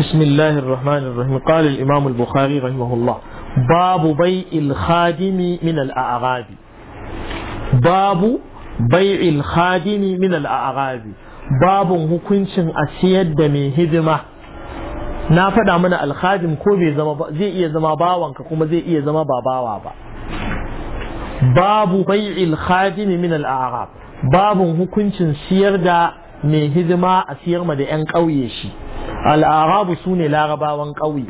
بسم الله الرحمن الرحيم قال الإمام البخاري رحمه الله باب بيع الخادم من الأعراب باب بيع الخادم من الأعراب باب مكنش أسيد دمي هدمة نافد عمنا الخادم كوبي زما زي إيه زما باوان كوما زي إيه زما بابا وابا باب بيع الخادم من الأعراب باب مكنش سيردا مي هدمة أسير مدى أنك al'arabu su ne larabawan ƙauye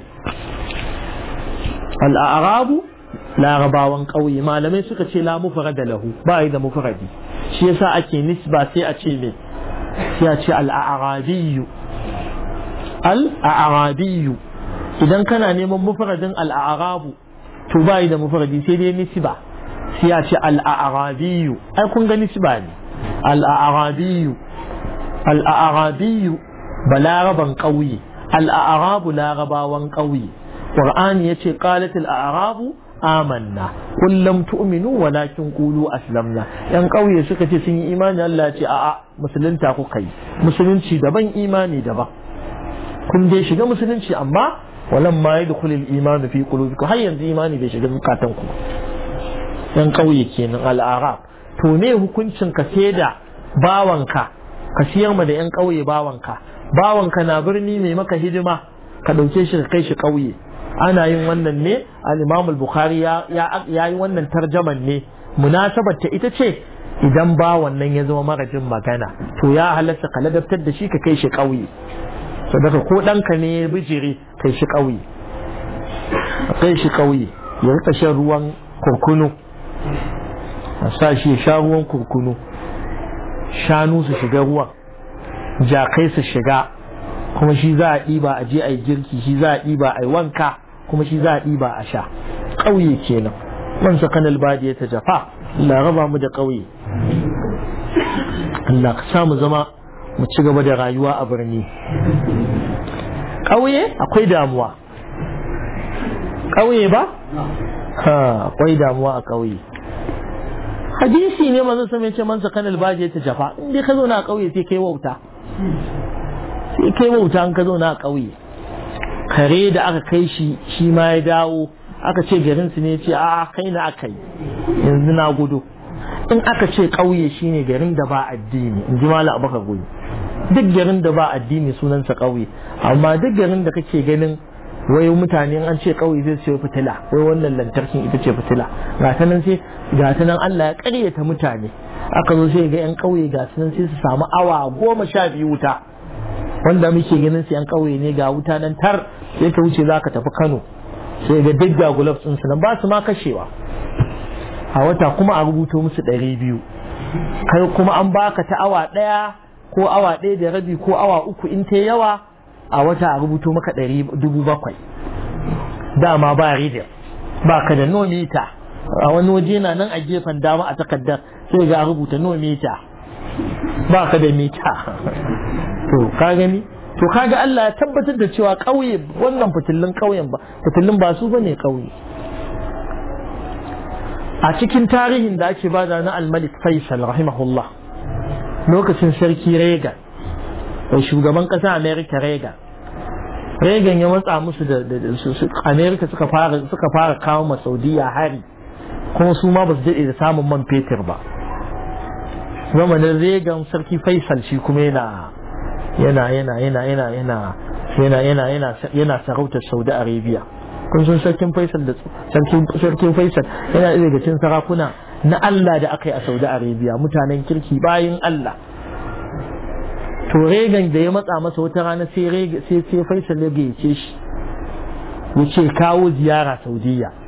al'arabu larabawan ƙauye malamai suka ce la mufara da lahu ba yi da mufaradi shi yasa ake nisba sai a ce me sai a ce al'arabiyu al'arabiyu idan kana neman mufaradin al'arabu to ba yi da mufaradi sai dai nisba sai a ce al'arabiyu ai kun ga nisba ne al'arabiyu al'arabiyu balaraban ƙauye al'arabu larabawan ƙauye ƙur'ani ya ce ƙalatul a'arabu amanna kullum tu'minu walakin kulu aslamna yan ƙauye suka ce sun yi imani Allah ce a'a musulunta kuka yi musulunci daban imani daban kun dai shiga musulunci amma walan ma yadkhulul iman fi qulubikum har yanzu imani bai shiga zukatan ku yan ƙauye kenan al'arab to me hukuncin ka da bawanka ka siyar ma da yan ƙauye bawanka bawanka na birni mai maka hidima ka ɗauke shi ka kai shi ƙauye ana yin wannan ne al bukhari ya yi wannan tarjaman ne munasabar ta ita ce idan bawan nan ya zama marajin magana to ya halatta ka ladabtar da shi ka kai shi ƙauye sadaka ko ɗanka ne ya bijiri kai shi ƙauye kai shi ƙauye ya rika shan ruwan kurkunu a sa shi ya sha ruwan kurkunu shanu su shiga ruwan jakai su shiga kuma shi za a ɗiba a je a yi girki shi za a ɗiba a yi wanka kuma shi za a ɗiba a sha ƙauye kenan man sakanal badiya ta jafa Allah raba mu da ƙauye Allah ka samu zama mu ci gaba da rayuwa a birni ƙauye akwai damuwa ƙauye ba ha akwai damuwa a ƙauye hadisi ne manzo sami ce man sakanal badiya ta jafa in dai ka zo na ƙauye sai kai wauta sai kai wauta an ka zauna a ƙauye kare da aka kai shi shi ma ya dawo aka ce garinsu ne ce a kai na aka yi yanzu na gudu in aka ce ƙauye shine garin da ba addini in ji mala ka goyi duk garin da ba addini sunansa ƙauye amma duk garin da kake ganin wai mutane an ce ƙauye zai sayo fitila wai wannan lantarkin ita ce fitila ga ta nan sai ga ta Allah ya ƙaryata mutane aka zo sai ga 'yan ƙauye ga sun sai su samu awa goma sha biyu wuta wanda muke ganin su 'yan ƙauye ne ga wuta nan tar sai ka wuce za ka tafi kano sai ga duk ga gulab ɗinsu nan ba su ma kashewa a wata kuma a rubuto musu ɗari biyu kai kuma an baka ta awa ɗaya ko awa ɗaya da rabi ko awa uku in ta yawa a wata a rubuto maka ɗari dubu bakwai dama ba ridin ba ka da nomita a wani waje na nan a gefen dama a takardar sai ga rubuta no mita ba ka da mita to ka gani to kaga Allah ya tabbatar da cewa kauye wannan fitillin kauyen ba fitillin ba su bane kauye a cikin tarihin da ake bada na al-Malik Faisal rahimahullah lokacin sarki Reagan da shugaban kasa America rega Reagan ya matsa musu da America suka fara kawo masaudiya hari kuma su ma ba su daɗe da samun man fetur ba zamanin regan sarki faisal shi kuma yana yana yana yana yana yana yana yana yana yana sarautar saudi arabia kun sun sarkin faisal da sarkin faisal yana daga cin sarakuna na allah da aka yi a saudi arabia mutanen kirki bayan allah to regan da ya matsa masa wata rana sai faisal ya gayyace shi ya ce kawo ziyara saudiya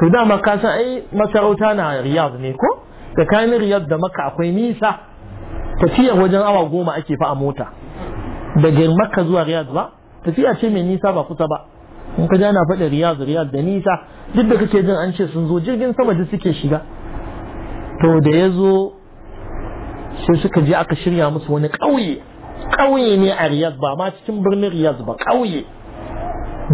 to dama ka san ai masarauta na riyad ne ko tsakanin riyad da maka akwai nisa tafiyar wajen awa goma ake fa a mota daga makka zuwa riyad ba tafiya ce mai nisa ba kusa ba in ka ana faɗin riyad riyad da nisa duk da kake jin an ce sun zo jirgin sama da suke shiga to da ya zo sai suka je aka shirya musu wani ƙauye ƙauye ne a riyad ba ma cikin birnin riyad ba ƙauye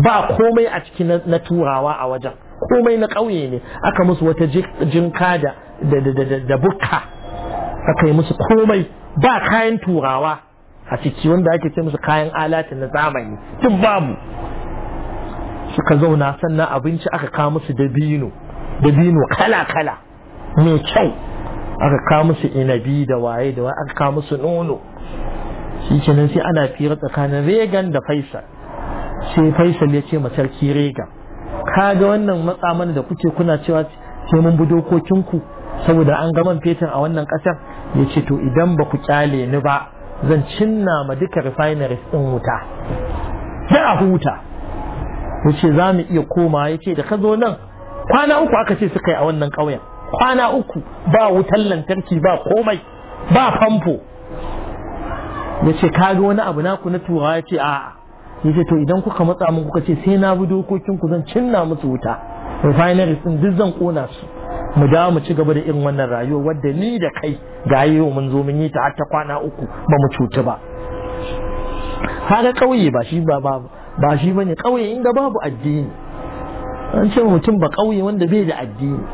ba komai a ciki na turawa a wajen komai na ƙauye ne aka musu wata jinka da da bukka aka yi musu komai ba kayan turawa a ciki wanda ake ce musu kayan alatin na zamani tun babu suka zauna sannan abinci aka kawo musu dabino dabino kala-kala mai kyau aka kawo musu inabi da waye da waye aka kawo musu nono shi kenan sai ana fira tsakanin regan da faisal sai faisal ya ce sarki regan kaga wannan matsa mana da kuke kuna cewa sai mun bi dokokinku saboda an ga man fetur a wannan kasar ya ce to idan ba ku kyale ni ba zan cinna ma duka refineries din wuta sai a huta ya ce za mu iya koma ya ce da ka zo nan kwana uku aka ce suka yi a wannan ƙauyen kwana uku ba wutan lantarki ba komai ba famfo ya ce kaga wani abu naku na turawa ya ce a'a yace to idan kuka matsa mun kuka ce sai na bi dokokin ku zan cinna musu wuta refineries din duk zan kona su mu dawo mu ci gaba da irin wannan rayuwa wadda ni da kai ga yau mun zo mun yi ta har ta kwana uku ba mu cuci ba haka kauye ba shi ba ba shi bane kauye inda babu addini an ce mutum ba kauye wanda bai da addini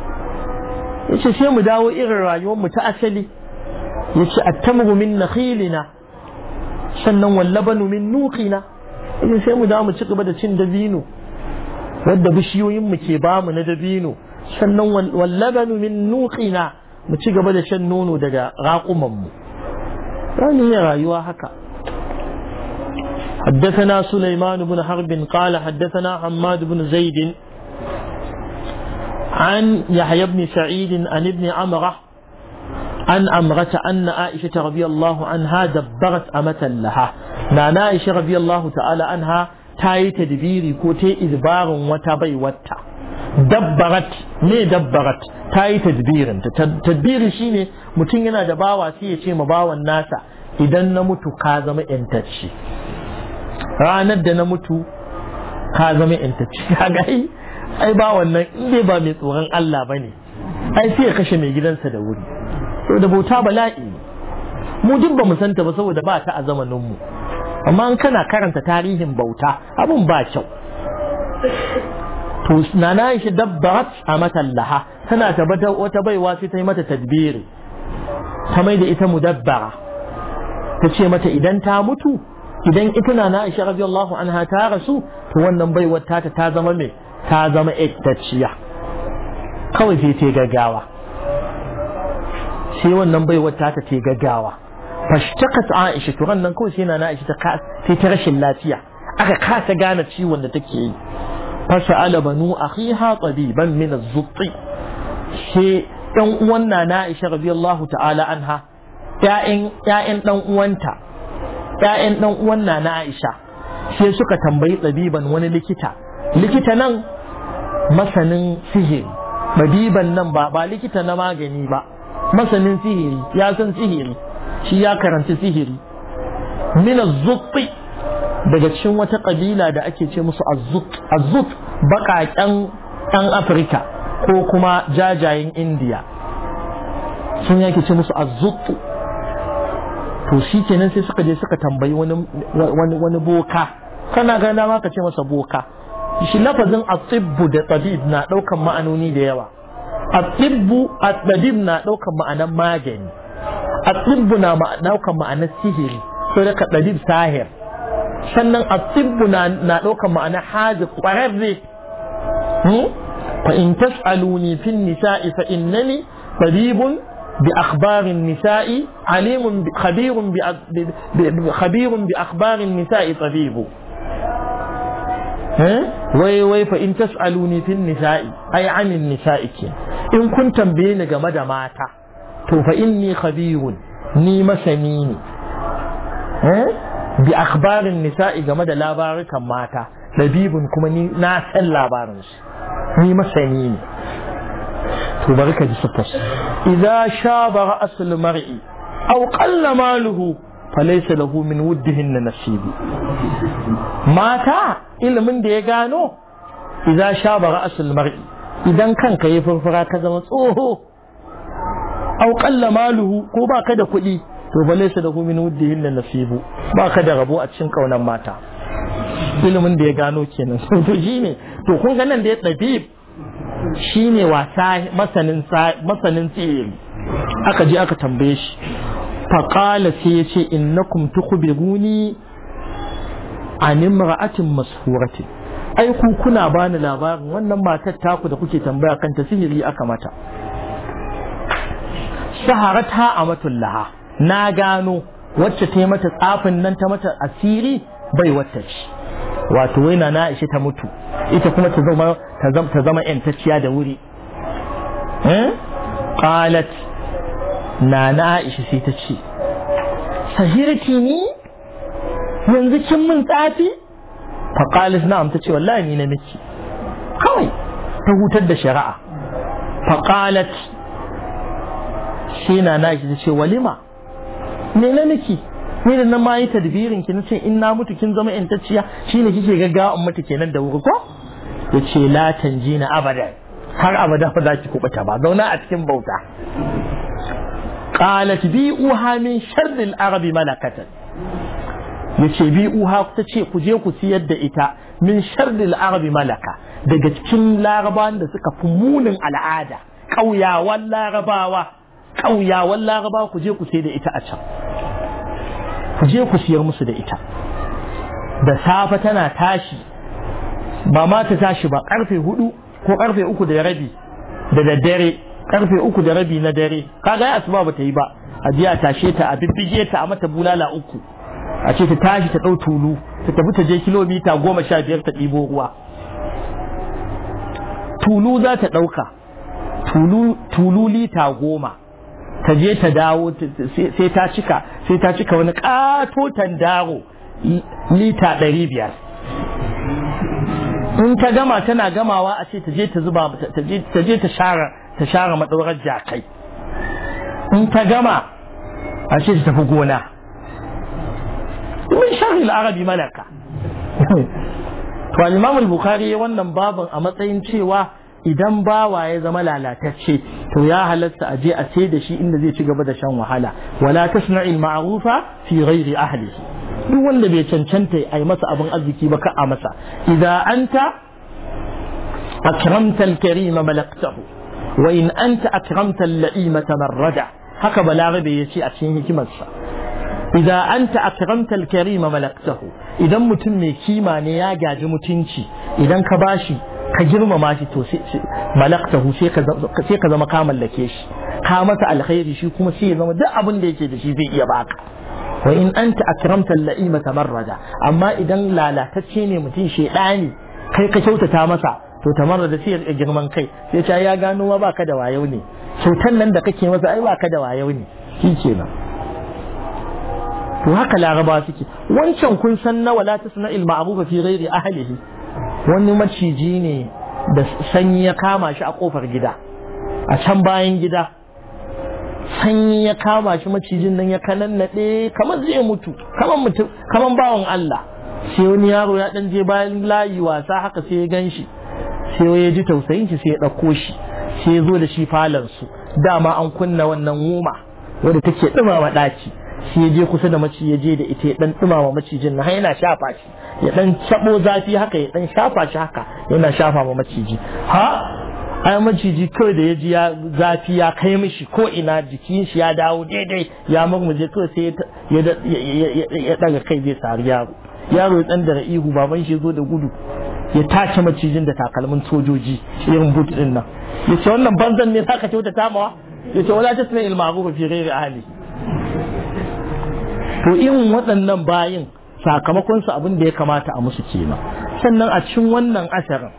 yace sai mu dawo irin rayuwar mu ta asali yace attamu min nakhilina sannan wallabanu min nuqina in sai mu da mu ci gaba da cin dabino wanda bishiyoyin mu ke ba mu na dabino sannan wallabanu min nuqina mu ci gaba da shan nono daga raƙuman mu wani ne rayuwa haka حدثنا سليمان بن حرب قال حدثنا حماد بن زيد عن يحيى بن سعيد عن ابن عمره عن أمرة أن عائشة رضي الله عنها دبرت أمة لها nana Aisha radiyallahu ta'ala anha ta yi tadbiri ko ta yi izbarin wata bai wata dabbarat ne dabbarat ta yi tadbirin tadbiri shine mutum yana da bawa sai ya ce ma bawan nasa idan na mutu ka zama yantacce ranar da na mutu ka zama yantacce kaga ai ai bawan nan in ba mai tsoron Allah bane ai sai ya kashe mai gidansa da wuri to da bauta bala'i mu duk ba mu santa ba saboda ba ta a zamanin mu amma kana karanta tarihin bauta abun ba kyau to nana shi dabbarat a matallaha tana tabbatar wata baiwa sai ta yi mata tadbiri ta mai da ita mudabbara ta ce mata idan ta mutu idan ita na na isha radiyallahu anha ta rasu to wannan baiwar ta ta zama mai ta zama ittacciya kawai sai ta gaggawa sai wannan baiwar ta ta gaggawa fashtakat aisha to nan kawai sai na aisha ta sai ta rashin lafiya aka kasa gane ciwon da take yi fasa'ala banu akhiha tabiban min az-zutti she dan uwan na Aisha radiyallahu ta'ala anha ƴaƴan Ya'yan ɗan uwanta ƴaƴan ɗan uwan na na Aisha sai suka tambayi tabiban wani likita likita nan masanin sihiri tabiban nan ba ba likita na magani ba masanin sihiri ya san sihiri shi ya karanci sihiri min az daga cikin wata kabila da ake ce musu az baƙaƙen az ɗan Afirka ko kuma jajayen Indiya sun yake ce musu az to shi kenan sai suka je suka tambayi wani wani boka kana ga ma ka ce masa boka shi lafazin atibbu da tabib na daukan ma'anoni da yawa atibbu at na ɗaukan ma'anan magani الطب نا نوكا معنى السهر سرقة طبيب ساهر sannan atibbu na ɗaukar ma'ana haji ƙwararre fa in tas'aluni fil nisa'i fa innani tabibun bi akhbarin nisa'i alimun bi khabirun bi khabirun bi akhbarin nisa'i tabibu wai wai fa in tas'aluni fil nisa'i ai anin nisa'i ke in kun tambaye ni game da mata to fa inni khabirun ni masani ne bi akhbarin nisa'i game da labarukan mata labibun kuma ni na san labarin su ni masani ne to bari ka ji sufas idza shaba ra'sul mar'i aw qalla maluhu falaysa lahu min wuddihin nasibi mata ilimin da ya gano idza shaba ra'sul mar'i idan kanka ya furfura ka zama tsoho aw qalla maluhu ko baka da kuɗi to ba laysa lahu min wuddihin la nasibu baka da rabo a cikin kaunan mata ilimin da ya gano kenan to shine to kun ga nan da ya dabib shine wasa masanin masanin tsiri aka je aka tambaye shi qala sai yace innakum tukhbiruni an imra'atin mashhuratin ai ku kuna bani labarin wannan matar taku da kuke tambaya kanta sihiri aka mata shaharata a matullaha na gano wacce ta yi mata tsafin nan ta mata asiri bai wata ci wato waina na ishe ta mutu ita kuma ta zama ta zama yantacciya da wuri hmm? qalat na na sai ta ce sahirki ni yanzu kin mun tsafi fa qalat na'am ta ce wallahi ni na miki kawai ta hutar da shari'a fa qalat sai na na ce walima me na miki ni da na mayi tadbirin ki nace in na mutu kin zama intacciya shine kike gaggawa in mutu kenan da wuri ko yace la tanjina abadan har abada ba za ki kubuta ba zauna a cikin bauta qalat bi uha min sharri al-arab Ya yace bi uha ta ce ku je ku siyar da ita min sharri al-arab malaka daga cikin larabawan da suka fi munin al'ada ƙauyawan larabawa ƙauyawan laraba ku je ku sai da ita a can ku je ku siyar musu da ita da safe tana tashi ba ma ta tashi ba karfe hudu ko karfe uku da rabi da daddare karfe uku da rabi na dare kaga asuba ba ta yi ba a jiya tashe ta a bibbige ta a mata bulala uku a ce ta tashi ta ɗau tulu ta tafi ta je kilomita goma sha biyar ta ɗibo ruwa tulu za ta ɗauka tulu lita goma ta je ta dawo sai ta cika sai ta cika wani katotan dawo lita ɗari biyar in ta gama tana gamawa a ce ta je ta zuba ta je ta share ta share madaurar jakai in ta gama a ce ta tafi gona min sharri al-arabi malaka to al-imam al-bukhari wannan babin a matsayin cewa idan bawa ya zama lalatacce to ya halatta a je a ce da shi inda zai ci gaba da shan wahala wala tasna'il ma'rufa fi ghairi ahli duk wanda bai cancanta ai masa abin arziki ba ka a masa idan anta akramta al-karima malaktahu wa in anta akramta al-la'ima tamarrada haka balarabe ya ce a cikin hikimar sa idza anta akramta al-karima malaktahu idan mutum mai kima ne ya gaji mutunci idan ka bashi ka girmama shi to malaktahu sai ka zama ka mallake shi ka masa alkhairi shi kuma sai ya zama duk abin da yake da shi zai iya baka wa in anta akramta al-la'ima tamarrada amma idan lalatacce ne mutum shedani kai ka kyautata masa to tamarrada sai ya girman kai sai ta ya gano ma baka da wayo ne nan da kake masa ai baka da wayo ne shi kenan to haka laraba suke wancan kun san na wala tasna il ma'rufa fi ghairi ahlihi wani maciji ne da sanyi ya kama shi a kofar gida a can bayan gida sanyi ya kama shi macijin nan ya kanannaɗe kamar zai mutu kamar bawan Allah sai wani yaro ya ɗan je bayan layi wasa haka sai ya gan shi sai ya ji tausayin shi sai ya ɗauko shi sai ya zo da shi falon dama an kunna wannan woma wadda take ɗumama ɗaci sai ya je kusa da maci ya je da ita ya dan dumama macijin na yana shafa shi ya dan sabo zafi haka ya dan shafa shi haka yana shafa ma maciji ha ai maciji kawai da ya ji ya zafi ya kai mishi ko ina jikin shi ya dawo daidai ya je kawai sai ya daga kai zai sa yaro yaro ya dan da ihu baban shi zo da gudu ya tace macijin da takalmin sojoji irin boot din nan yace wannan banzan ne zaka kyauta tamawa yace wala tasmi al ma'ruf fi ghairi ahli to in waɗannan bayin sakamakonsu abin da ya kamata a musu kenan sannan a cikin wannan asharin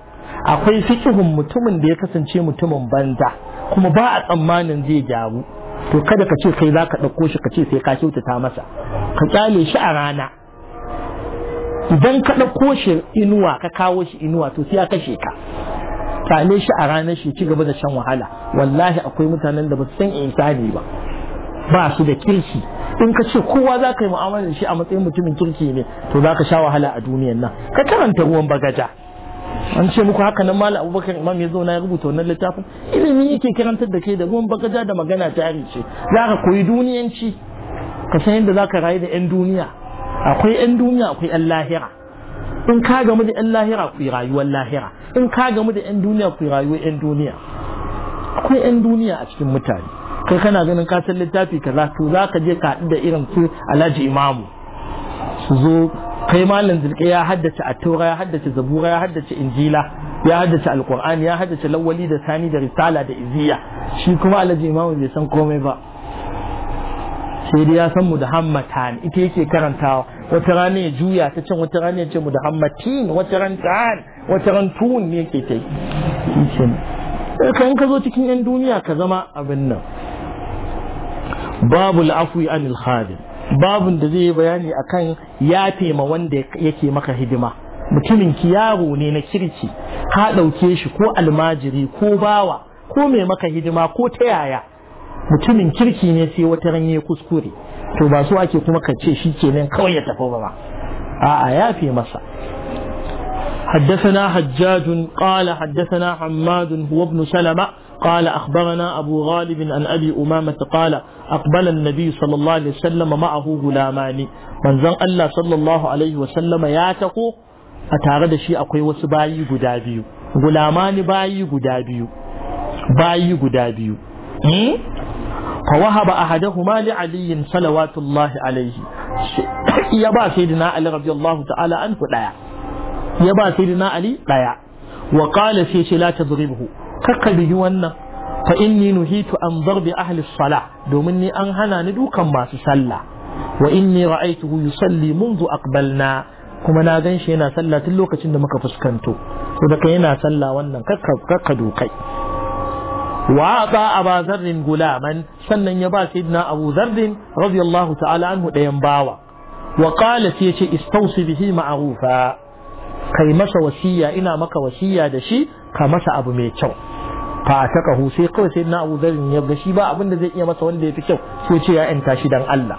akwai fikihun mutumin da ya kasance mutumin banza kuma ba a tsammanin zai gyaru to kada ka ce kai za ka ɗauko shi ka ce sai ka kyautata masa ka kyale shi a rana idan ka ɗauko shi inuwa ka kawo shi inuwa to sai ya kashe ka kyale shi a rana shi ci gaba da shan wahala wallahi akwai mutanen da ba su san insani ba ba su da kirki in ka ce kowa za ka yi mu'amalar shi a matsayin mutumin kirki ne to za ka sha wahala a duniyan nan ka karanta ruwan bagaja an ce muku haka nan mala abubakar imam ya zauna ya rubuta wannan littafin ilimi yake karantar da kai da ruwan bagaja da magana jari ce za ka koyi duniyanci ka san yadda za ka rayu da 'yan duniya akwai 'yan duniya akwai 'yan lahira in ka gamu da 'yan lahira ku yi rayuwar lahira in ka gamu da 'yan duniya ku yi rayuwar 'yan duniya akwai 'yan duniya a cikin mutane kai kana ganin ka san littafi kaza to za ka je ka da irin su alhaji imamu su zo kai malam zulke ya haddace attaura ya haddace zabura ya haddace injila ya haddace alqur'ani ya haddace lawali da sani da risala da iziya shi kuma alhaji imamu bai san komai ba sai dai ya san mudahammatan ita yake karantawa wata rana ya juya ta can wata rana ya ce mudahammatin wata ran tan wata ran tun ne yake ta yi kan eh, ka zo cikin yan duniya ka zama abin nan babu al'afwi anil khadim babun da zai yi bayani akan ya tema wanda yake maka hidima mutumin ki yaro ne na kirki ka ɗauke shi ko almajiri ko bawa ko mai maka hidima ko ta yaya mutumin kirki ne sai wata ranye kuskure to ba su ake kuma ka ce shi kenan kawai ya tafi ba a'a ya fi masa حدثنا حجاج قال حدثنا حماد هو ابن سلمة قال أخبرنا أبو غالب عن أبي أمامة قال أقبل النبي صلى الله عليه وسلم معه غلامان من زن الله صلى الله عليه وسلم ياتقو أتارد شيء أقوي وسباي قدابيو غلامان باي قدابيو باي قدابيو فوهب أحدهما لعلي صلوات الله عليه يبا سيدنا علي رضي الله تعالى عنه لا يبا سيدنا علي لا وقال في لا تضربه kakka bigi wannan fa inni nuhitu an zarbi ahli salah domin ni an hana ni dukan masu sallah wa inni ra'aytuhu yusalli منذ aqbalna kuma na gan shi yana sallah tun lokacin da muka fuskanto to da kai yana sallah wannan kakka kakka dukai wa ata aba zarrin gulaman sannan ya ba sayyidina abu zarrin radiyallahu ta'ala anhu dayan bawa wa qala sai yace istawsi bihi ma'rufa kai masa wasiya ina maka wasiya da shi ka masa abu mai kyau fa ta kahu sai kawai sai na Abu ya ga shi ba abin da zai iya masa wanda ya fi kyau sai ce ya yanta shi dan Allah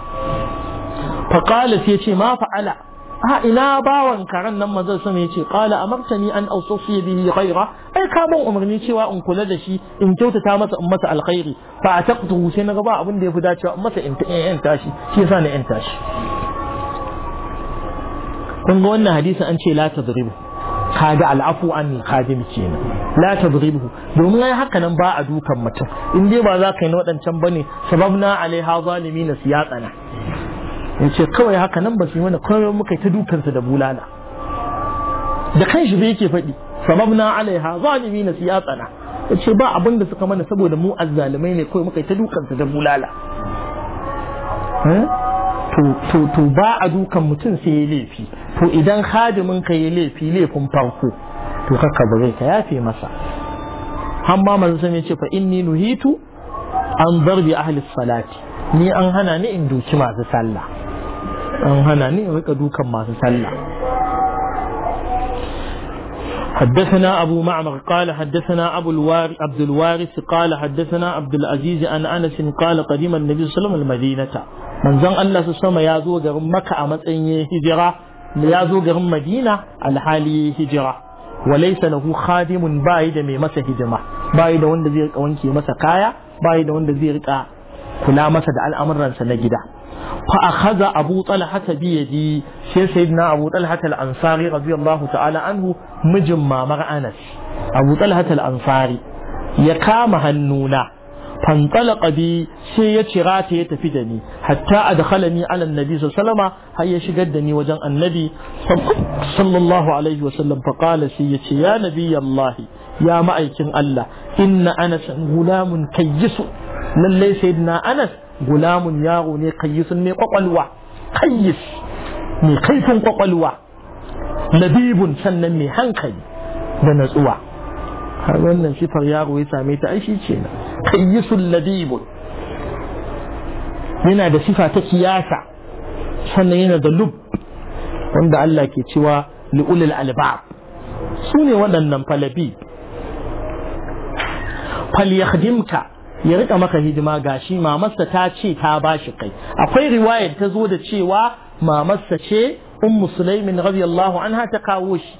fa qala sai ce ma fa'ala a ah, ina bawan karan nan manzon sun ya ce qala amartani an awsasi bihi ghaira ai ka ban umarni cewa in kula da shi in kyautata masa in masa alkhairi fa taqtu sai na ga ba abin da ya fi dacewa in masa in yanta shi shi yasa na yanta shi kun ga wannan hadisi an ce la tadribu Ka kaga al'afu an khadim kenan la tadribhu domin ai haka nan ba a dukan mutum in dai ba za ka yi na wadancan bane sababna alaiha na siyaqana yace kawai haka nan ba su yi mana kawai muka ta dukansa da bulala da kan shi bai yake faɗi sababna alaiha zalimina In ce ba abin da suka mana saboda mu azzalimai ne kawai muka ta dukansa da bulala eh? to ba a dukan mutum sai ya laifi to idan hadimin ka yi laifi laifin farko to kakka bare ka yafe masa ma manzo sun ce fa inni nuhitu an darbi ahli salati ni an hana ni in duki masu sallah an hana ni in rika dukan masu sallah حدثنا أبو معمر قال حدثنا أبو الوار عبد الوارث قال حدثنا عبد العزيز أن أنس قال قديم النبي صلى الله عليه وسلم المدينة من زن الله سبحانه يازو غير مكة أمت أن هجرة da ya zo garin madina alhali hijira walaisa lahu khadimun bayi da mai masa hidima bayi da wanda zai rika wanke masa kaya bayi da wanda zai rika kula masa da al'amuransa na gida fa akhadha abu talha bi yadi sai sayyidina abu talha al-ansari radiyallahu ta'ala anhu mijin mamar anas abu talha al-ansari ya kama hannuna fantalaka bi sai ya cira ta ya tafi da ni hatta adkhalani ala annabi sallama har ya shigar da ni wajen annabi sallallahu alaihi wa sallam fa sai ya ce ya nabi allah ya ma'aikin allah inna anas gulamun kayyisu lallai sayyidina anas gulamun yaro ne kayyisun ne kwakwalwa kayyis mai kaifin kwakwalwa labibun sannan mai hankali da natsuwa har wannan sifar yaro ya same ta ai shi ce na qayyisul Ladibun yana da sifa ta kiyasa sannan yana da lub wanda Allah ke cewa li'ulil albab su ne waɗannan falabi falyakhdimka ya rika maka hidima gashi mamarsa ta ce ta bashi kai akwai riwayar ta zo da cewa mamarsa ce ummu sulaimin radiyallahu anha ta kawo shi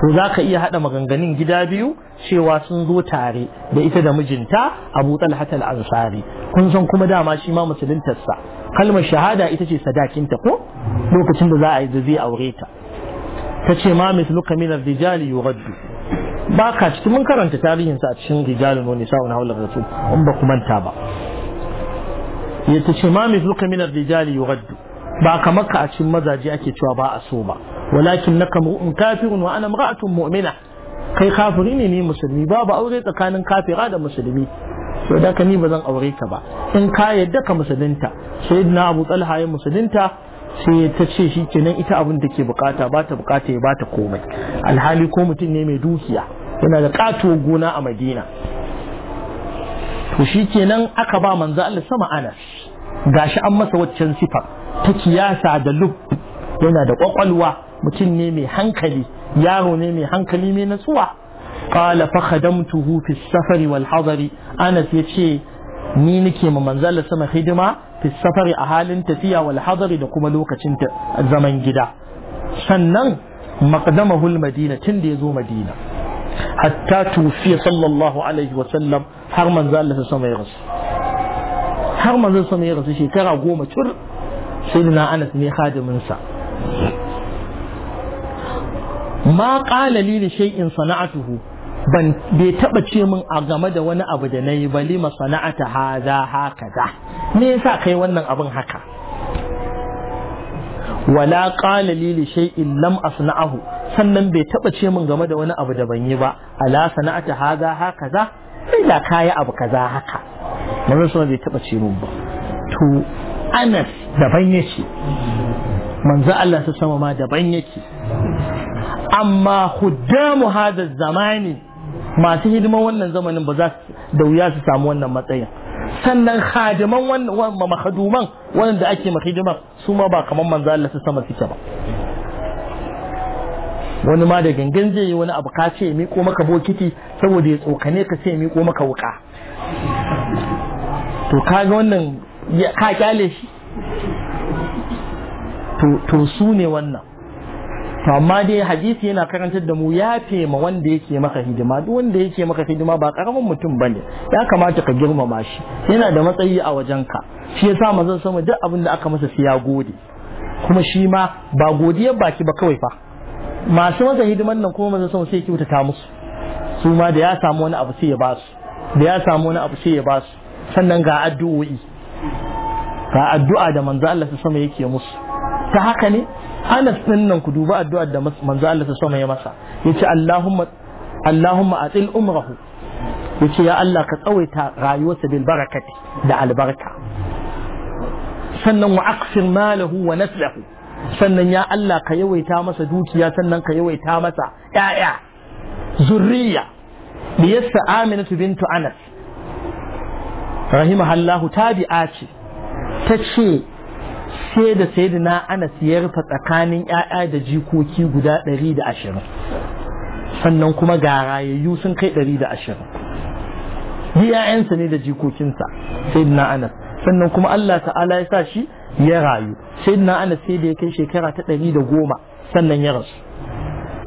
to za ka iya haɗa maganganun gida biyu cewa sun zo tare da ita da mijinta abu talhat al-ansari kun san kuma dama shi ma musuluntarsa kalmar shahada ita ce sadakinta ko lokacin da za a yi da zai aure ta ta ce ma misluka min ar-rijali yuraddu ba ka cikin mun karanta tarihinsa a cikin rijalun wani sa'un haular rasul in ba ku manta ba ya ta ce ma misluka min ar-rijali yuraddu ba kamar ka a cikin mazaje ake cewa ba a so ba walakin naka mu'min kafirun wa ana imra'atun mu'mina kai kafiri ne ni musulmi babu aure tsakanin kafira da musulmi to da ka ni ba zan aure ka ba in ka yadda ka musulunta sayyidina Abu Talha ya musulunta sai ta ce shi kenan ita abin da ke bukata ba ta bukata ya ba ta komai alhali ko mutum ne mai dukiya yana da kato gona a Madina to shi kenan aka ba manzo Allah sama ana gashi an masa waccan sifa ta kiyasa da lub yana da kwakwalwa mutum ne mai hankali yaro ne mai hankali mai natsuwa qala fa khadamtuhu fi safari wal hadari ya ce ni nake ma manzala sama hidima fi safari a halin tafiya wal hadari da kuma lokacin zaman gida sannan maqdamahu al madina tun da yazo madina hatta tufiya sallallahu alaihi wa sallam har manzala sama ya rasu har manzon sama ya rasu shekara goma cur sai na anas ne hadiminsa ma ƙala lili shay'in sana'atuhu ban bai taba ce min a game da wani abu da nayi ba lima sana'ata haka za. me yasa kai wannan abin haka wala ƙala lili shay'in lam asna'ahu sannan bai taba ce min game da wani abu da ban yi ba ala sana'ata haka za. sai da kayi abu kaza haka manzon sama bai taba ce min ba to Anas daban yake manzo Allah ta sama ma daban yake amma hudamu hada zamani masu hidiman wannan zamanin ba za da wuya su samu wannan matsayin sannan hadiman wannan mahaduman da ake mahidiman su ma ba kamar manzo Allah sama suke ba wani ma da gangan zai yi wani abu ka ce ko maka bokiti saboda ya tsokane ka ce ko maka wuka to kaga wannan ka kyale shi to su ne wannan to amma dai hadisi yana karantar da mu ya ma wanda yake maka hidima duk wanda yake maka hidima ba karamin mutum bane ya kamata ka girmama shi yana da matsayi a wajen ka shi yasa manzon sama duk abin da aka masa sai ya gode kuma shi ma ba godiyar baki ba kawai fa masu masa hidiman nan kuma manzon sama sai ya kyautata musu su ma da ya samu wani abu sai ya basu da ya samu wani abu sai ya basu sannan ga addu'o'i ga addu'a da manzo Allah sama yake musu ta haka ne Anas din nan ku duba addu'a da manzo Allah ta ya masa yace Allahumma Allahumma atil umrahu yace ya Allah ka tsawaita rayuwarsa bil barakati da albarka sannan wa aqsir malahu wa naslahu sannan ya Allah ka yawaita masa dukiya sannan ka yawaita masa ƴaƴa zurriya biyassa Aminatu bintu Anas rahimahallahu tabi'a ce ta ce sai da sai na ana siyarfa tsakanin 'ya'ya da jikoki guda 120 sannan kuma ga rayayyu sun kai 120 yi ƴaƴansa ne da jikokinsa sai na ana sannan kuma Allah ta'ala ya sa shi ya rayu sai na ana sai da ya kai shekara ta 110 sannan ya rasu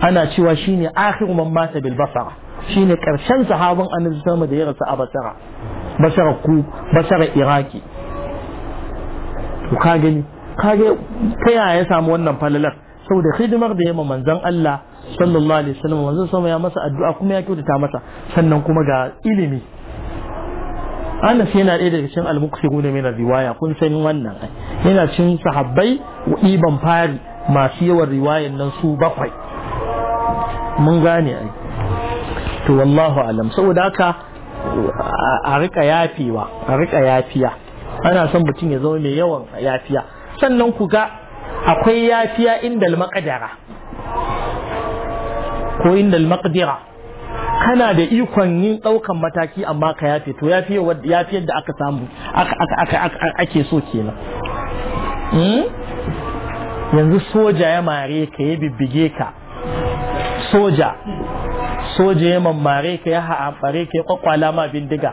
ana cewa shine akhiru man mata bil basara shine karshen sahabin annabi wasallam da ya rasu a basara basara ku basara iraki to ka gani kage ta yaya ya samu wannan falalar saboda hidimar da yamma manzon Allah sallallahu alaihi wasallam manzon sama ya masa addu'a kuma ya kyautata masa sannan kuma ga ilimi Anas yana ɗaya daga cikin al-muqsiruna mai riwaya kun san wannan yana cikin sahabbai ban fari masu yawan riwayan nan su bakwai mun gane ai to wallahu alam saboda haka a rika yafewa a rika yafiya ana son mutum ya zama mai yawan yafiya sannan ku ga akwai yafiya inda al ko inda al kana da ikon yin daukan mataki amma ka yafe to yafiyar da aka samu ake so kenan hmm? yanzu soja ya mare ka ya bibbige ka soja soja ya mammare ka ya haɓare ka ya kwakwala ma bindiga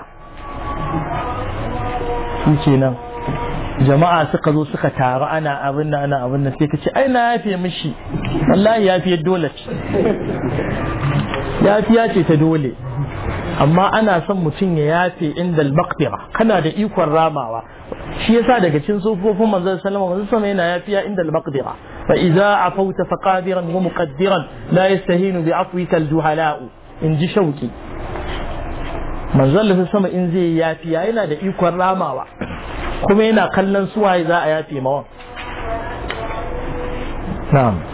shi kenan jama'a suka zo suka taru ana abin nan ana abin nan sai ka ce ai na yafe mishi wallahi fiye dole ce yafiya ce ta dole amma ana son mutum ya yafe inda al kana da ikon ramawa shi yasa daga cikin sufofin manzon sallama manzon sallama yana yafiya inda al-maqdira fa idza afawta faqadiran wa muqaddiran la yastahinu bi afwika al-juhala'u in ji shauki manzon da sama in zai yafi ya yana da ikon ramawa kuma yana kallon suwaye za a yafe mawan